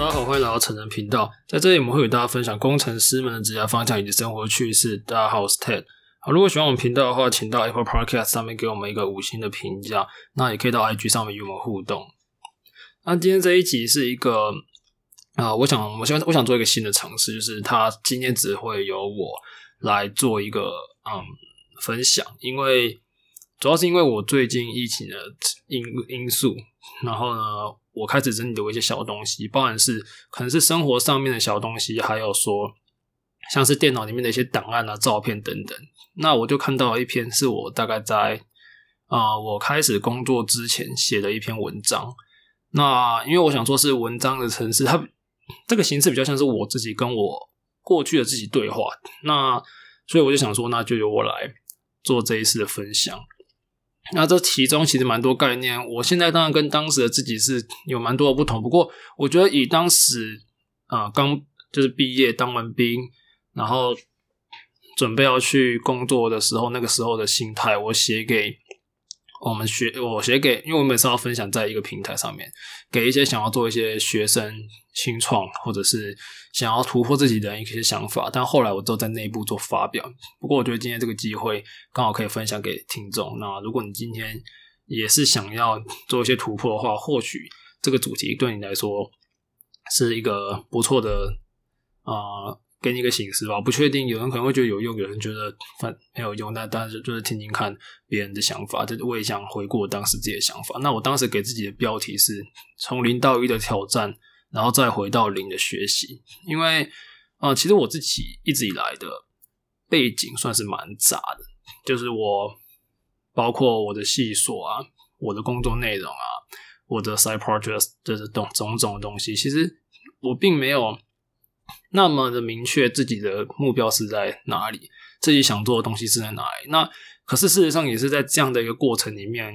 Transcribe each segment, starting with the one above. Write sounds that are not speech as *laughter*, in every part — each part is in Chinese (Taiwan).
大家好，歡迎來到程人頻道。在這裡，我們會與大家分享工程師們的職業方向以及生活趣事。大家好，我是 Ted。好，如果喜歡我們頻道的話，請到 Apple Podcast 上面給我們一個五星的評價。那也可以到 IG 上面與我們互動。那今天這一集是一個啊、呃，我想，我希望，我想做一個新的嘗試，就是他今天只會由我來做一個嗯分享，因為主要是因為我最近疫情的因因素，然後呢。我開始整理留一些小東西，包含是可能是生活上面的小東西，還有說像是電腦裡面的一些檔案啊、照片等等。那我就看到一篇是我大概在啊、呃、我開始工作之前寫的一篇文章。那因為我想說，是文章的形式，它這個形式比較像是我自己跟我過去的自己對話。那所以我就想說，那就由我來做這一次的分享。那這其中其實蠻多概念，我現在當然跟當時的自己是有蠻多的不同，不過我覺得以當時啊剛就是畢業當完兵，然後準備要去工作的時候，那個時候的心態，我寫給。我們學，我學給，因為我每次要分享在一個平台上面，給一些想要做一些學生新創，或者是想要突破自己的一些想法。但後來我都在內部做發表。不過我覺得今天這個機會剛好可以分享給聽眾。那如果你今天也是想要做一些突破的話，或許這個主題對你來說是一個不錯的啊。呃給你一個省思吧，我不確定，有人可能會覺得有用，有人覺得沒有用。那但是就是聽聽看別人的想法，這、就是、我也想回顧當時自己的想法。那我當時給自己的標題是“從零到一的挑戰”，然後再回到零的學習。因為啊、呃，其實我自己一直以來的背景算是蠻雜的，就是我包括我的細數啊，我的工作內容啊，我的 side projects 這種種種東西，其實我並沒有。那麼的明確自己的目標是在哪裡，自己想做的東西是在哪裡。那可是事實上也是在這樣的一個過程裡面，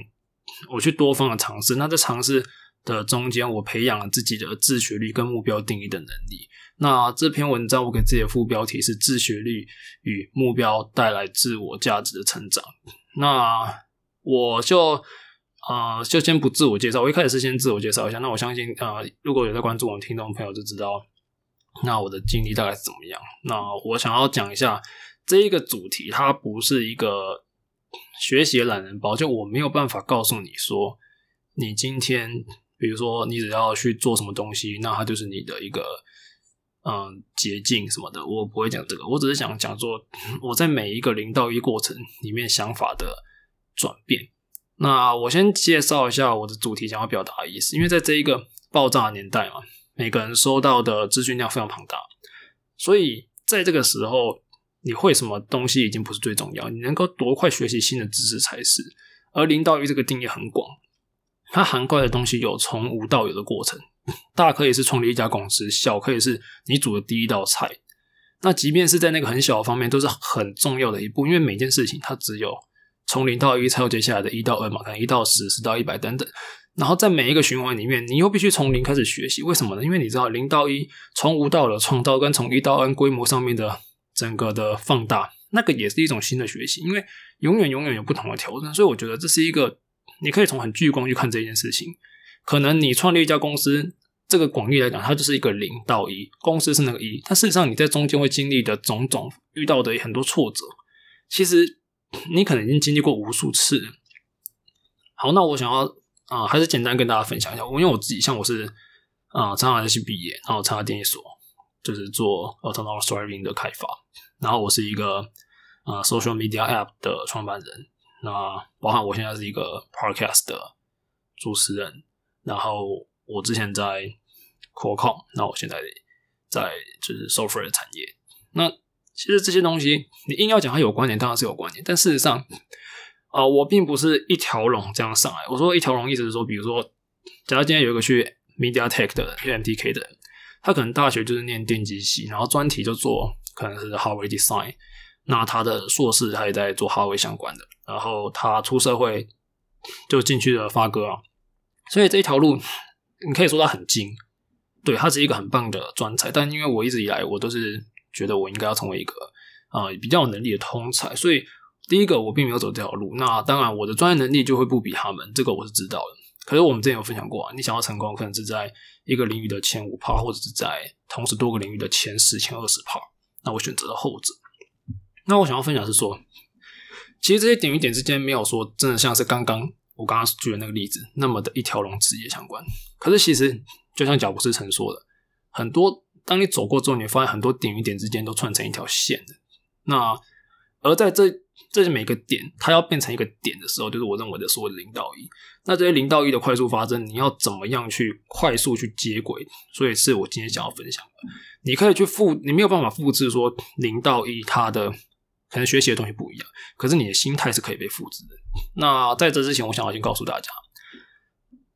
我去多方的嘗試。那在嘗試的中間，我培養了自己的自學率跟目標定義的能力。那這篇文章我給自己的副標題是“自學率與目標帶來自我價值的成長”。那我就啊、呃，就先不自我介紹。我一開始是先自我介紹一下。那我相信啊、呃，如果有在關注我的聽眾朋友就知道。那我的經歷大概是怎麼樣？那我想要講一下這一個主題，它不是一個學習懶人包，就我沒有辦法告訴你說，你今天比如說你只要去做什麼東西，那它就是你的一個嗯捷徑什麼的，我不會講這個，我只是想講說我在每一個零到一過程裡面想法的轉變。那我先介紹一下我的主題想要表達的意思，因為在這一個爆炸的年代嘛。每個人收到的資訊量非常龐大，所以在這個時候，你會什麼東西已經不是最重要，你能夠多快學習新的知識才是。而零到一這個定義很廣，它涵蓋的東西有從無到有的過程，大可以是創立一家公司，小可以是你煮的第一道菜。那即便是在那個很小的方面，都是很重要的一步，因為每件事情它只有從零到一才有接下來的一到二嘛，可能一到十、十到一百等等。然後在每一個循環裡面，你又必須從零開始學習，為什麼呢？因為你知道零到一，從無到有創造，跟從一到 n 規模上面的整個的放大，那個也是一種新的學習，因為永遠永遠有不同的調整，所以我覺得這是一個，你可以從很聚光去看這件事情。可能你創立一家公司，這個廣義來講，它就是一個零到一，公司是那個一，但事實上你在中間會經歷的種種遇到的很多挫折，其實你可能已經經歷過無數次。好，那我想要。啊、呃，還是簡單跟大家分享一下。我因為我自己，像我是啊，清華大學畢業，然後參加電信所，就是做呃 autonomous driving 的開發。然後我是一個啊、呃、，social media app 的創辦人。那包含我現在是一個 podcast 的主持人。然後我之前在 Qualcomm 然那我現在在就是 software 產業。那其實這些東西，你硬要講它有關聯，當然是有關聯。但事實上，啊、呃，我並不是一條龍這樣上來。我說一條龍意思是說，比如說，假如今天有一個去 MediaTek 的，去 MTK 的人，他可能大學就是念電機系，然後專題就做可能是華為 design，那他的碩士他也在做哈維相關的，然後他出社會就進去了發哥啊。所以這一條路，你可以說他很精，對，他是一個很棒的專才。但因為我一直以來我都是覺得我應該要成為一個啊、呃、比較有能力的通才，所以。第一個，我並沒有走這條路。那當然，我的專業能力就會不比他們，這個我是知道的。可是我們之前有分享過啊，你想要成功，可能是在一個領域的前五趴，或者是在同時多個領域的前十、前二十趴。那我選擇了後者。那我想要分享是說，其實這些點與點之間沒有說真的像是剛剛我剛剛舉的那個例子那麼的一條龍直接相關。可是其實就像賈伯斯曾說的，很多當你走過之後，你會發現很多點與點之間都串成一條線的。那而在這這些每個點，它要變成一個點的時候，就是我認為的所謂零到一。那這些零到一的快速發生，你要怎麼樣去快速去接軌？所以是我今天想要分享的。你可以去複，你沒有辦法複製說，零到一它的可能學習的東西不一樣，可是你的心態是可以被複製的。那在這之前，我想要先告訴大家，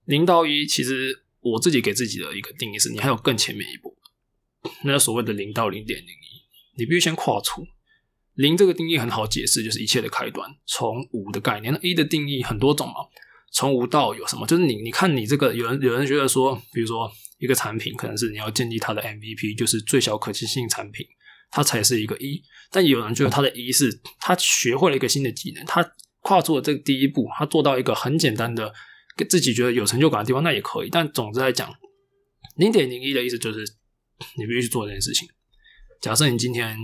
零到一其實我自己給自己的一個定義是，你還有更前面一步，那所謂的零到零點零一，你必須先跨出。零這個定義很好解釋，就是一切的開端，從無的概念。那一的定義很多種嘛，從無到有什麼？就是你，你看你這個，有人有人覺得說，比如說一個產品可能是你要建立它的 MVP，就是最小可行性產品，它才是一個一。但有人覺得它的一是、嗯、他學會了一個新的技能，他跨出了這個第一步，他做到一個很簡單的，給自己覺得有成就感的地方，那也可以。但總之來講，零點零一的意思就是你必須去做這件事情。假設你今天，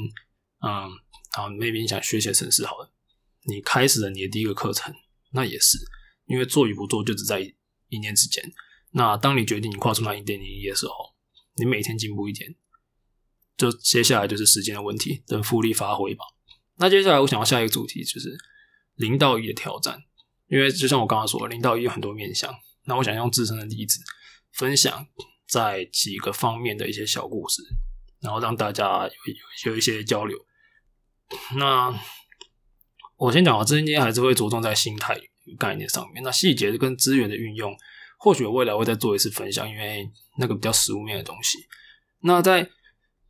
嗯。啊你未必你想學寫程式好了。你開始了你的第一個課程，那也是因為做與不做，就只在一念之間。那當你決定你跨出那一點零一年的時候，你每天進步一點，就接下來就是時間的問題，等複利發揮吧。那接下來，我想要下一個主題就是零到一的挑戰，因為就像我剛剛說的，零到一有很多面向。那我想用自身的例子，分享在幾個方面的一些小故事，然後讓大家有有一些交流。那我先講啊，今天還是會着重在心態與概念上面。那細節跟資源的運用，或許未來我會再做一次分享，因為那個比較實物面的東西。那在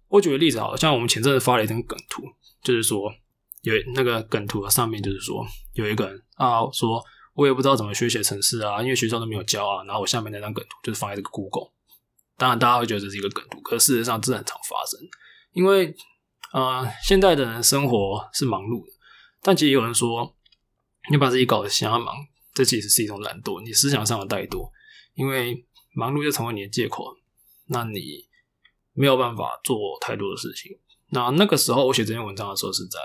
我舉個例子好，好像我們前陣子發了一張梗圖，就是說有那個梗圖的上面就是說有一個人啊，說我也不知道怎麼學寫程式啊，因為學校都沒有教啊。然後我下面那張梗圖就是放在這個 Google，當然大家會覺得這是一個梗圖，可是事實上這很常發生，因為。呃，現在的人生活是忙碌的，但其實有人說，你把自己搞得瞎忙，這其實是一種懶惰，你思想上的怠惰，因為忙碌就成為你的借口，那你沒有辦法做太多的事情。那那個時候我寫這篇文章的時候是在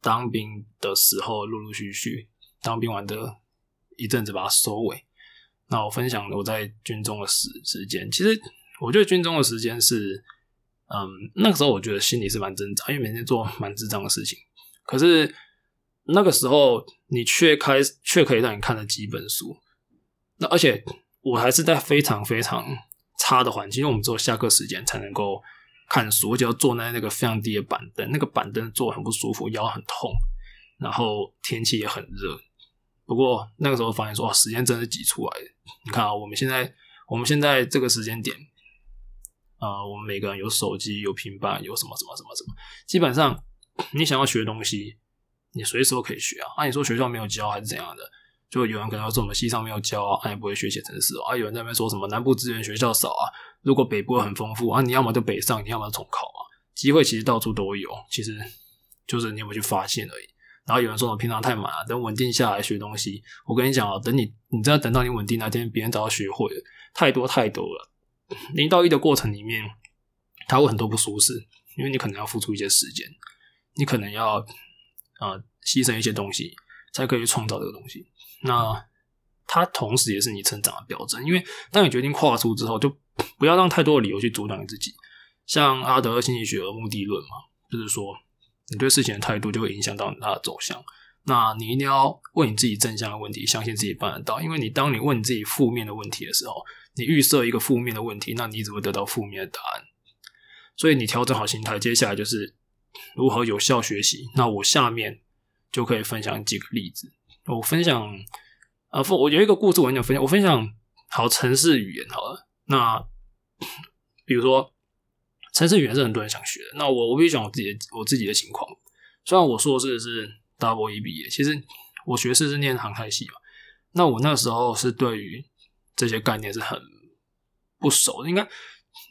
當兵的時候，陸陸續續當兵完的一陣子把它收尾。那我分享我在軍中的時時間，其實我覺得軍中的時間是。嗯，那個時候我覺得心裡是蠻掙扎，因為每天做蠻智障的事情。可是那個時候你，你卻開，卻可以讓你看了幾本書。那而且我還是在非常非常差的環境，因為我們只有下課時間才能夠看書，我就要坐在那個非常低的板凳，那個板凳坐很不舒服，腰很痛，然後天氣也很熱。不過那個時候發現說，哦，時間真的擠出來，你看啊，我們現在我們現在這個時間點。呃，我們每個人有手機，有平板，有什麼什麼什麼什麼，基本上你想要學的東西，你隨時都可以學啊。那、啊、你說學校沒有教還是怎樣的？就有人可能說我們系上沒有教啊，啊也不會學寫程式、哦、啊。有人在那邊說什麼南部資源學校少啊，如果北部很豐富啊，你要麼就北上，你要麼重考啊，機會其實到處都有，其實就是你有沒有去發現而已。然後有人說我平常太忙啊，等穩定下來學東西。我跟你講啊，等你你只要等到你穩定那天，別人早要學會了，太多太多了。零到一的過程裡面，他會很多不舒適，因為你可能要付出一些時間，你可能要啊呃、犧牲一些東西，才可以去創造這個東西。那它同時也是你成長的表徵，因為當你決定跨出之後，就不要讓太多的理由去阻擋你自己。像阿德勒心理學的目的論嘛，就是說你對事情的態度就會影響到你的走向。那你一定要問你自己正向的問題，相信自己辦得到，因為你當你問你自己負面的問題的時候。你預設一個負面的問題，那你怎麼得到負面的答案？所以你調整好心態，接下來就是如何有效學習。那我下面就可以分享幾個例子。我分享啊分，我有一個故事，我很想分享。我分享好程式語言，好了。那比如說程式語言是很多人想學的。那我我分享我自己的我自己的情況。雖然我碩士是 double E 畢業，其實我學士是念航太系嘛。那我那時候是對於，這些概念是很不熟的，應該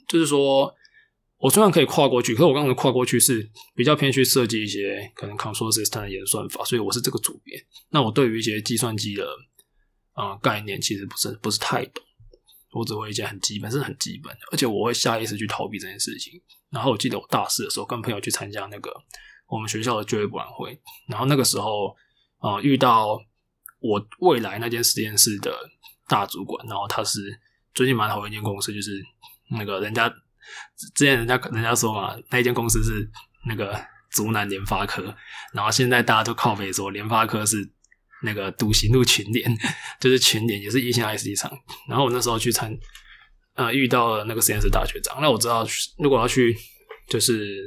就是說，我雖然可以跨過去，可是我剛才跨過去是比較偏去設計一些可能 control system 的演算法，所以我是這個主編。那我對於一些計算機的啊、呃、概念，其實不是不是太懂，我只會一些很基本，是很基本的，而且我會下意識去逃避這件事情。然後我記得我大四的時候跟朋友去參加那個我們學校的就業博覽會，然後那個時候啊、呃、遇到我未來那間實驗室的大主管，然後他是最近蠻好一間公司，就是那個人家之前人家人家說嘛，那一間公司是那個竹南聯發科，然後現在大家都靠北說聯發科是那個獨行路群聯，就是群聯也是一線 IC 廠。然後我那時候去參，呃，遇到了那個實驗室大學長，那我知道如果要去就是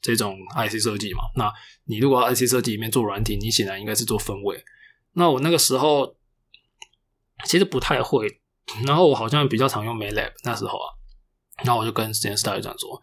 這種 IC 設計嘛，那你如果 IC 設計裡面做軟體，你顯然應該是做分位。那我那個時候。其實不太會，然後我好像比較常用 MATLAB，那時候啊，然後我就跟實驗室大學長說：“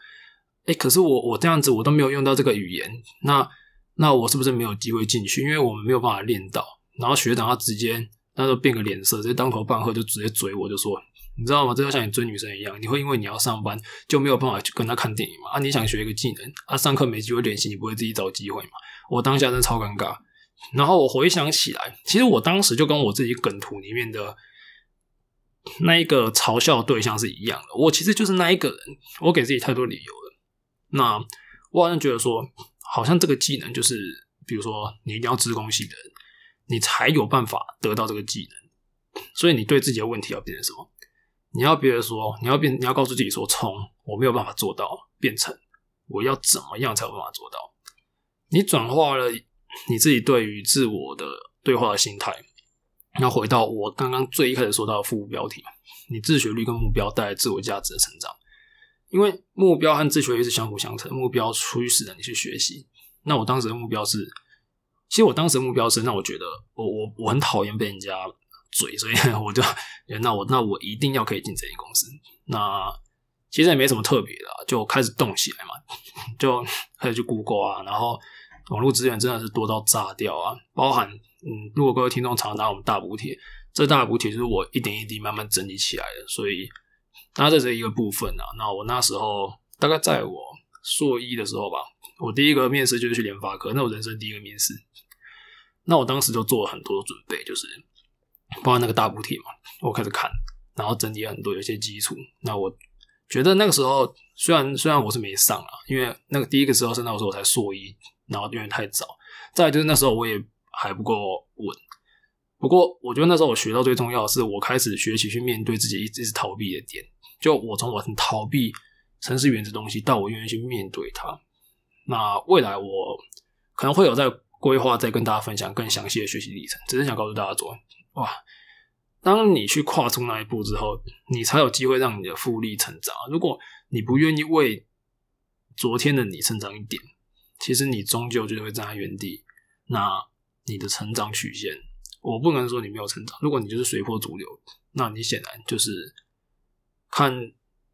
哎，可是我我這樣子我都沒有用到這個語言，那那我是不是沒有機會進去？因為我們沒有辦法練到。”然後學長他直接那就變個臉色，直接當頭棒喝，就直接嘴我，就說：“你知道嗎？這就像你追女生一樣，你會因為你要上班就沒有辦法去跟他看電影嘛？啊，你想學一個技能啊，上課沒機會練習，你不會自己找機會嘛？”我當下真的超尷尬。然後我回想起來，其實我當時就跟我自己梗圖裡面的那一個嘲笑對象是一樣的。我其實就是那一個人，我給自己太多理由了。那我好像覺得說，好像這個技能就是，比如說你一定要資工系的人，你才有辦法得到這個技能。所以你對自己的問題要變成什麼？你要比如說，你要變，你要告訴自己說，從我沒有辦法做到，變成我要怎麼樣才有辦法做到？你轉化了。你自己對於自我的對話的心態，那回到我剛剛最一開始說到的副標題：你自學率跟目標帶來自我價值的成長。因為目標和自學率是相輔相成，目標驅使着你去學習。那我當時的目標是，其實我當時的目標是，那我覺得我我我很討厭被人家懟，所以我就那我那我一定要可以進這間公司。那其實也沒什麼特別的啊，就開始動起來嘛，就開始去 Google 啊，然後。網絡資源真的是多到炸掉啊！包含，嗯，如果各位聽眾常拿我們大補帖，這大補帖就是我一點一滴慢慢整理起來的，所以，那這是一個部分啊。那我那時候大概在我碩一的時候吧，我第一個面試就是去聯發科，那我人生第一個面試。那我當時就做了很多的準備，就是包含那個大補帖嘛，我開始看，然後整理了很多，有些基礎。那我覺得那個時候雖然雖然我是沒上啊，因為那個第一個時候是那個時候我才碩一。然後因為太早，再來就是那時候我也還不夠穩。不過我覺得那時候我學到最重要的是，我開始學習去面對自己一直逃避的點。就我從我很逃避城市原則東西，到我願意去面對它。那未來我可能會有在規劃，再跟大家分享更詳細的學習歷程。只是想告訴大家說，哇，當你去跨出那一步之後，你才有機會讓你的複利成長。如果你不願意為昨天的你成長一點。其實你終究就會站在原地，那你的成長曲線，我不能說你沒有成長。如果你就是隨波逐流，那你顯然就是看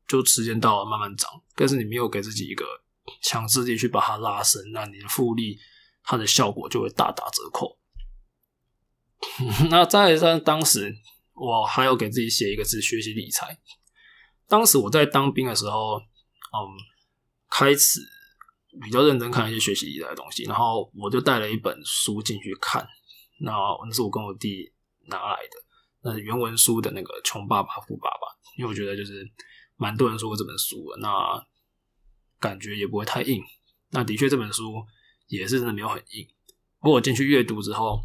就時間到了慢慢漲，但是你沒有給自己一個強制力去把它拉伸，那你的複利它的效果就會大打折扣。 *laughs* 那在在當時，我還要給自己寫一個字：學習理財。當時我在當兵的時候，嗯，開始。比較認真看一些學習以來的東西，然後我就帶了一本書進去看。那那是我跟我弟拿來的，那是原文書的那個《窮爸爸富爸爸》，因為我覺得就是蠻多人說過這本書的，那感覺也不會太硬。那的確這本書也是真的沒有很硬。不過我進去閱讀之後，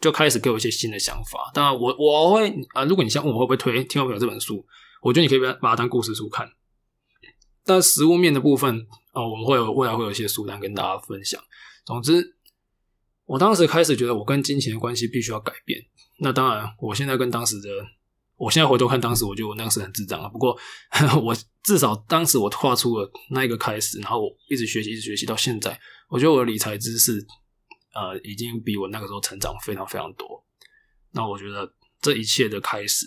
就開始給我一些新的想法。當然，我我會啊，如果你想，問我會不會推《千萬不要》這本書，我覺得你可以把它當故事書看。但實物面的部分。哦，我們會有未來會有一些書單跟大家分享。總之，我當時開始覺得我跟金錢的關係必須要改變。那當然，我現在跟當時的，我現在回頭看當時，我覺得我那個時候很智障啊。不過呵呵，我至少當時我跨出了那一個開始，然後我一直學習，一直學習到現在，我覺得我的理財知識，呃，已經比我那個時候成長非常非常多。那我覺得這一切的開始，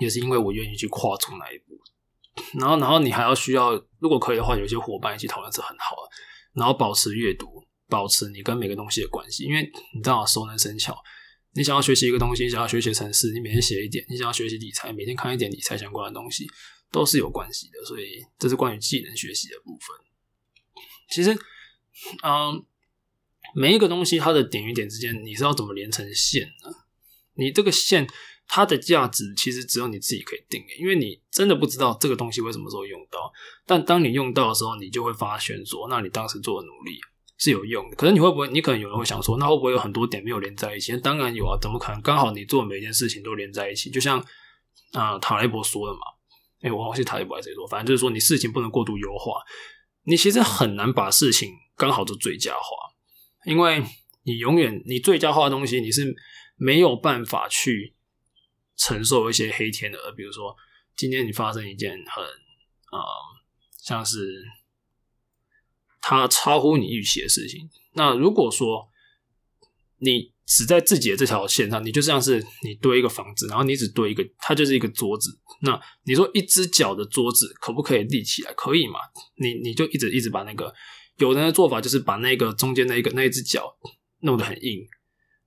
也是因為我願意去跨出那一步。然後，然後你還要需要，如果可以的話，有一些夥伴一起討論是很好的。然後保持閱讀，保持你跟每個東西的關係，因為你知道，熟能生巧。你想要學習一個東西，你想要學習程式，你每天寫一點；你想要學習理財，每天看一點理財相關的東西，都是有關係的。所以，這是關於技能學習的部分。其實，嗯，每一個東西它的點與點之間，你是要怎麼連成線呢？你這個線。它的價值其實只有你自己可以定，因為你真的不知道這個東西為什麼時候用到。但當你用到的時候，你就會發現說，那你當時做的努力是有用的。可是你會不會，你可能有人會想說，那會不會有很多點沒有連在一起？當然有啊，怎麼可能剛好你做每一件事情都連在一起？就像啊、呃，塔雷博說的嘛，哎、欸，我好像是塔雷博還是誰說，反正就是說，你事情不能過度優化，你其實很難把事情剛好做最佳化，因為你永遠你最佳化的東西，你是沒有辦法去。承受一些黑天鵝，比如說今天你發生一件很，呃、嗯，像是它超乎你預期的事情。那如果說你只在自己的這條線上，你就像是你堆一個房子，然後你只堆一個，它就是一個桌子。那你說一只腳的桌子可不可以立起來？可以嘛？你你就一直一直把那個有人的做法就是把那個中間那一個那一只腳弄得很硬，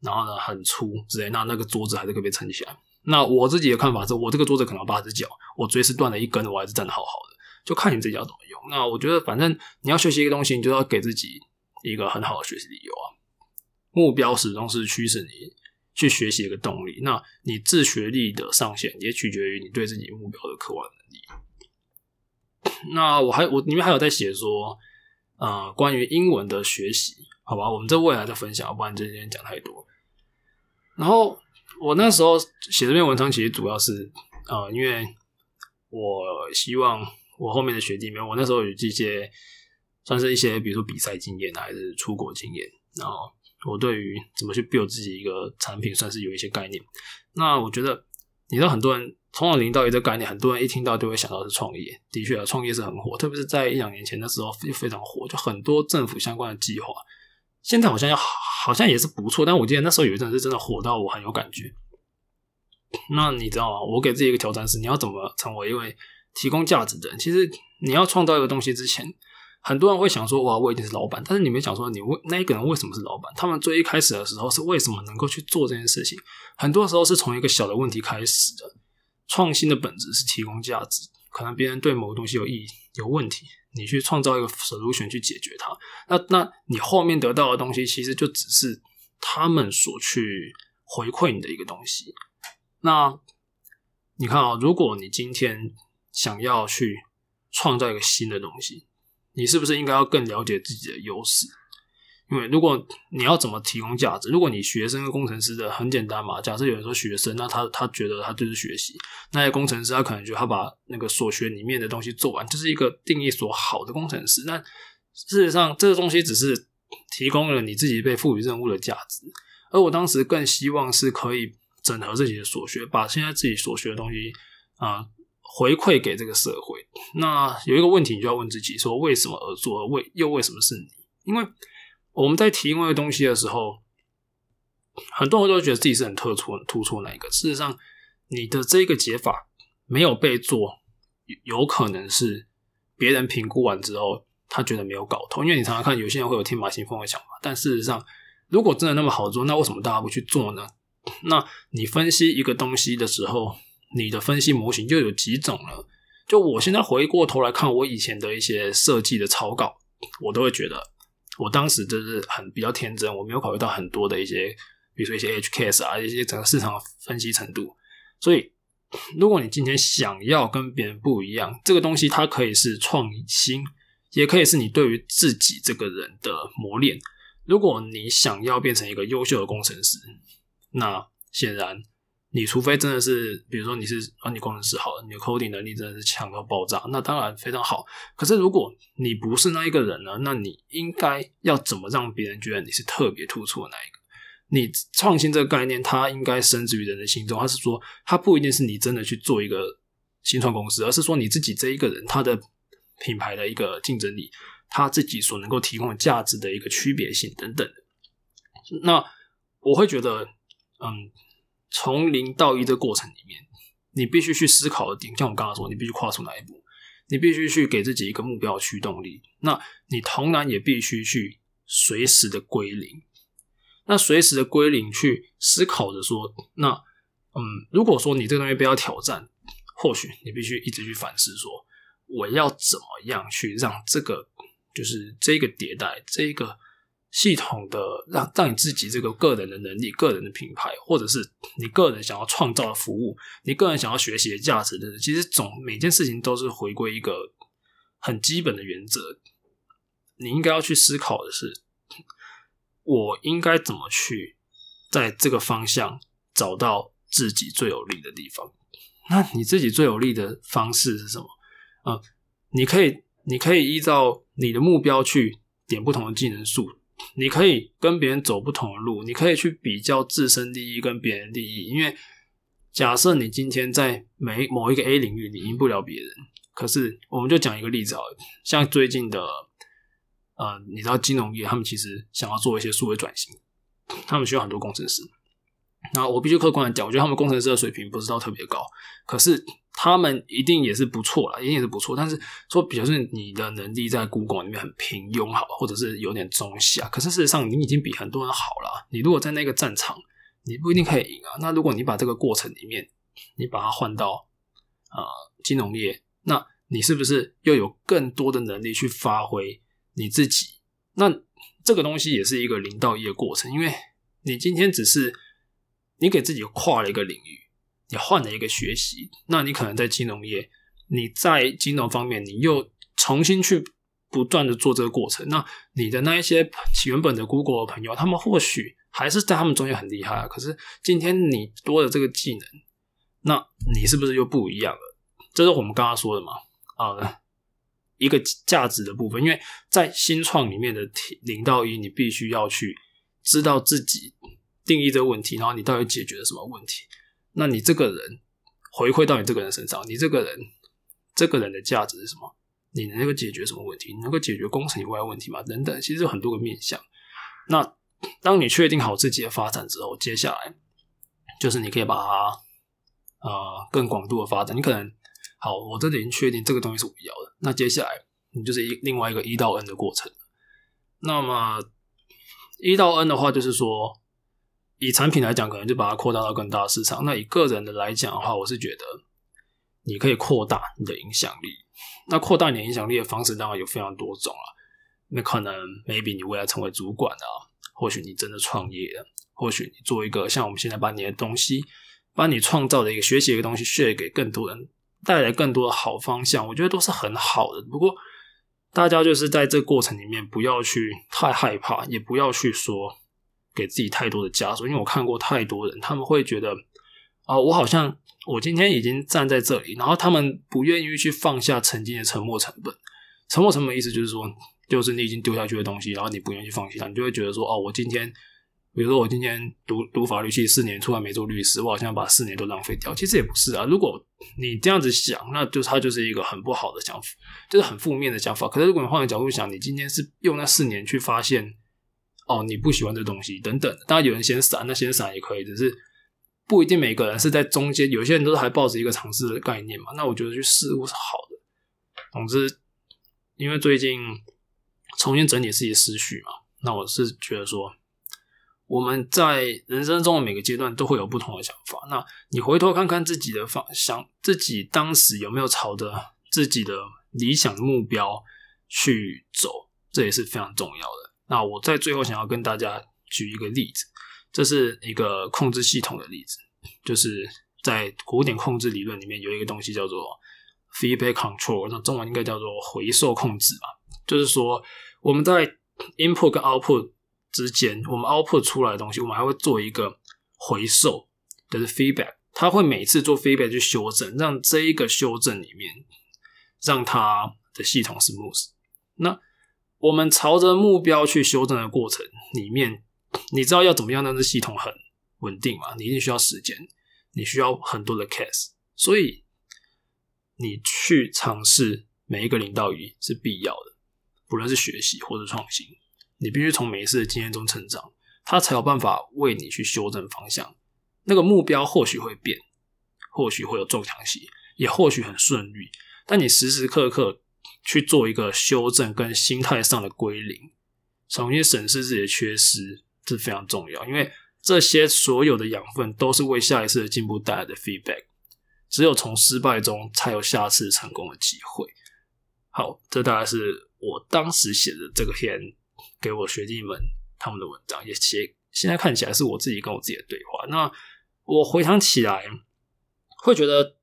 然後呢很粗之類，那那個桌子還是可,可以撐起來。那我自己的看法是，我這個桌子可能八隻腳，我縱使斷了一根，我還是站得好好的，就看你這腳怎麼用。那我覺得，反正你要學習一個東西，你就要給自己一個很好的學習理由啊。目標始終是驅使你去學習一個動力。那你自學力的上限也取決於你對自己目標的渴望能力。那我還我裡面還有在寫說，呃，關於英文的學習，好吧，我們這未來再分享，不然這幾天講太多。然後。我那時候寫這篇文章，其實主要是，呃，因為我希望我後面的學弟們，我那時候有這些，算是一些，比如說比賽經驗還是出國經驗，然後我對於怎麼去 build 自己一個產品，算是有一些概念。那我覺得，你知道很多人從零到一的概念，很多人一聽到就會想到是創業。的確啊，創業是很火，特別是在一兩年前那時候就非常火，就很多政府相關的計劃。現在好像要好像也是不錯，但我記得那時候有一陣是真的火到我很有感覺。那你知道嗎？我給自己一個挑戰是：你要怎麼成為一位提供價值的人？其實你要創造一個東西之前，很多人會想說：“哇，我已經是老闆。”但是你沒想說你，你為那一個人為什麼是老闆？他們最一開始的時候是為什麼能夠去做這件事情？很多時候是從一個小的問題開始的。創新的本質是提供價值，可能別人對某個東西有意義、有問題。你去創造一個 solution 去解決它，那那你後面得到的東西其實就只是他們所去回饋你的一個東西。那你看啊，哦，如果你今天想要去創造一個新的東西，你是不是應該要更了解自己的優勢？因為如果你要怎麼提供價值，如果你學生跟工程師的很簡單嘛。假設有人說學生，那他他覺得他就是學習；那些工程師，他可能覺得他把那個所學裡面的東西做完，就是一個定義所好的工程師。那事實上，這個東西只是提供了你自己被賦予任務的價值。而我當時更希望是可以整合自己的所學，把現在自己所學的東西啊回饋給這個社會。那有一個問題，你就要問自己：說為什麼而做？為又為什麼是你？因為我們在提供一個東西的時候，很多人都覺得自己是很特殊、很突出的那一個。事實上，你的這個解法沒有被做，有可能是別人評估完之後，他覺得沒有搞頭。因為你常常看有些人會有天馬行空的想法，但事實上，如果真的那麼好做，那為什麼大家不去做呢？那你分析一個東西的時候，你的分析模型就有幾種了，就我現在回過頭來看我以前的一些設計的草稿，我都會覺得。我當時就是很比較天真，我沒有考慮到很多的一些，比如說一些 edge case 啊，一些整個市場的分析程度。所以，如果你今天想要跟別人不一樣，這個東西它可以是創新，也可以是你對於自己這個人的磨練。如果你想要變成一個優秀的工程師，那顯然。你除非真的是，比如說你是啊，你工程師好了，你的 coding 能力真的是強到爆炸，那當然非常好。可是如果你不是那一個人呢，那你應該要怎麼讓別人覺得你是特別突出的那一個？你創新這個概念，它應該深植於人的心中。它是說，它不一定是你真的去做一個新創公司，而是說你自己這一個人他的品牌的一個競爭力，他自己所能夠提供的價值的一個區別性等等。那我會覺得，嗯。從零到一的過程裡面，你必須去思考的點，像我剛剛說，你必須跨出哪一步，你必須去給自己一個目標驅動力。那你同樣也必須去隨時的歸零，那隨時的歸零去思考着說，那嗯，如果說你這個東西不要挑戰，或許你必須一直去反思說，我要怎麼樣去讓這個就是這個迭代這個。系統的讓讓你自己這個個人的能力、個人的品牌，或者是你個人想要創造的服務，你個人想要學習的價值，其實總，每件事情都是回歸一個很基本的原則。你應該要去思考的是，我應該怎麼去在這個方向找到自己最有利的地方？那你自己最有利的方式是什麼？啊、呃，你可以，你可以依照你的目標去點不同的技能樹，你可以跟別人走不同的路，你可以去比較自身利益跟別人利益，因為假設你今天在每某一個 A 領域，你贏不了別人。可是我們就講一個例子啊，像最近的，呃，你知道金融業，他們其實想要做一些數位轉型，他們需要很多工程師。那我必須客觀的講，我覺得他們工程師的水平不是到特別高，可是，他們一定也是不錯啦，一定也是不錯。但是說，比如說你的能力在 Google 裡面很平庸，好，或者是有點中下，可是事實上你已經比很多人好了。你如果在那個戰場，你不一定可以贏啊。那如果你把這個過程裡面，你把它換到啊、呃、金融業，那你是不是又有更多的能力去發揮你自己？那這個東西也是一個零到一的過程，因為你今天只是你給自己跨了一個領域。你換了一個學習，那你可能在金融業，你在金融方面，你又重新去不斷的做這個過程。那你的那一些原本的 Google 的朋友，他們或許還是在他們中間很厲害，可是今天你多了這個技能，那你是不是又不一樣了？這是我們剛剛說的嘛？啊、嗯，一個價值的部分，因為在新創裡面的零到一，你必須要去知道自己定義的問題，然後你到底解決了什麼問題。那你這個人回饋到你這個人身上，你這個人這個人的價值是什麼？你能夠解決什麼問題？你能夠解決工程以外的問題嗎？等等，其實有很多個面向。那當你確定好自己的發展之後，接下來就是你可以把它呃更廣度的發展。你可能好，我這裡已經確定這個東西是我要的。那接下來你就是一另外一個一到 N 的過程。那麼一到 N 的話，就是說，以產品來講，可能就把它擴大到更大的市場。那以個人的來講的話，我是覺得你可以擴大你的影響力。那擴大你的影響力的方式，當然有非常多種啊。那可能 maybe 你未來成為主管啊，或許你真的創業了，或許你做一個像我們現在把你的東西，把你創造的一個學習的一個東西，share 給更多人，帶來更多的好方向，我覺得都是很好的。不過，大家就是在這個過程裡面，不要去太害怕，也不要去說。給自己太多的枷鎖，因為我看過太多人，他們會覺得啊、呃，我好像我今天已經站在這裡，然後他們不願意去放下曾經的沉沒成本。沉沒成本意思就是說，就是你已經丟下去的東西，然後你不願意放下，你就會覺得說，哦，我今天，比如說我今天讀讀法律系四年，出來沒做律師，我好像把四年都浪費掉。其實也不是啊，如果你這樣子想，那就他、是、就是一個很不好的想法，就是很負面的想法。可是如果你換個角度想，你今天是用那四年去發現。哦，你不喜歡這東西，等等。當然有人先閃，那先閃也可以，只是不一定每個人是在中間。有些人都是還抱着一個嘗試的概念嘛。那我覺得去試誤是好的。總之，因為最近重新整理自己的思緒嘛，那我是覺得說，我們在人生中的每個階段都會有不同的想法。那你回頭看看自己的方向，自己當時有沒有朝着自己的理想目標去走，這也是非常重要的。那我在最後想要跟大家舉一個例子，這是一個控制系統的例子，就是在古典控制理論裡面有一個東西叫做 feedback control，那中文應該叫做回授控制吧。就是說我們在 input 跟 output 之間，我們 output 出來的東西，我們還會做一個回授就是 feedback，它會每次做 feedback 去修正，讓這一個修正裡面，讓它的系統是 smooth。那我們朝着目標去修正的過程裡面，你知道要怎麼樣讓這系統很穩定嗎？你一定需要時間，你需要很多的 case，所以你去嘗試每一個零到一是必要的，不論是學習或者創新，你必須從每一次的經驗中成長，它才有辦法為你去修正方向。那個目標或許會變，或許會有撞牆期，也或許很順利，但你時時刻刻。去做一個修正跟心態上的歸零，重新審視自己的缺失是非常重要，因為這些所有的養分都是為下一次的進步帶來的 feedback。只有從失敗中，才有下次成功的機會。好，這大概是我當時寫的這篇給我學弟們他們的文章，也其實現在看起來是我自己跟我自己的對話。那我回想起來，會覺得。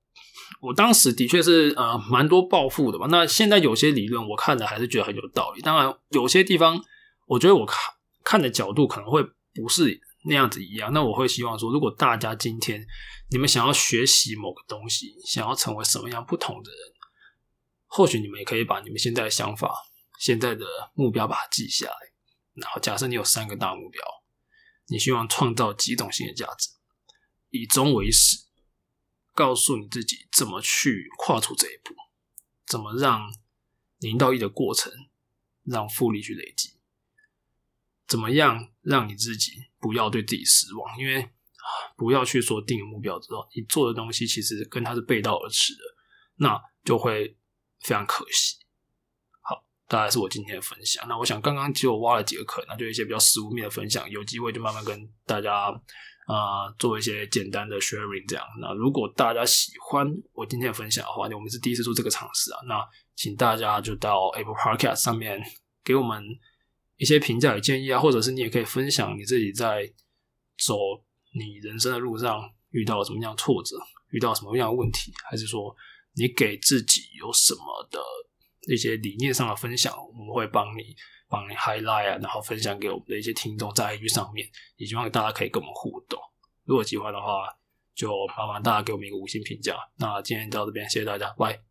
我當時的確是呃蠻多抱負的吧。那現在有些理論我看了還是覺得很有道理。當然有些地方我覺得我看看的角度可能會不是那樣子一樣。那我會希望說，如果大家今天你們想要學習某個東西，想要成為什麼樣不同的人，或許你們也可以把你們現在的想法、現在的目標把它記下來。然後假設你有三個大目標，你希望創造幾種新的價值，以終為始。告訴你自己怎麼去跨出這一步，怎麼讓零到一的過程讓複利去累積，怎麼樣讓你自己不要對自己失望。因為不要去說定個目標之後，你做的東西其實跟它是背道而馳的，那就會非常可惜。好，大概是我今天的分享。那我想剛剛就挖了幾個坑，那就一些比較實務面的分享，有機會就慢慢跟大家。呃，做一些簡單的 sharing 這樣。那如果大家喜歡我今天的分享的話，我們是第一次做這個嘗試啊。那請大家就到 Apple Podcast 上面給我們一些評價與建議啊，或者是你也可以分享你自己在走你人生的路上遇到什麼樣的挫折，遇到什麼樣的問題，還是說你給自己有什麼的。一些理念上的分享，我們會幫你幫你 highlight 啊，然後分享給我們的一些聽眾在 IG 上面，也希望大家可以跟我們互動。如果喜歡的話，就麻煩大家給我們一個五星評價。那今天到這邊，謝謝大家，拜拜。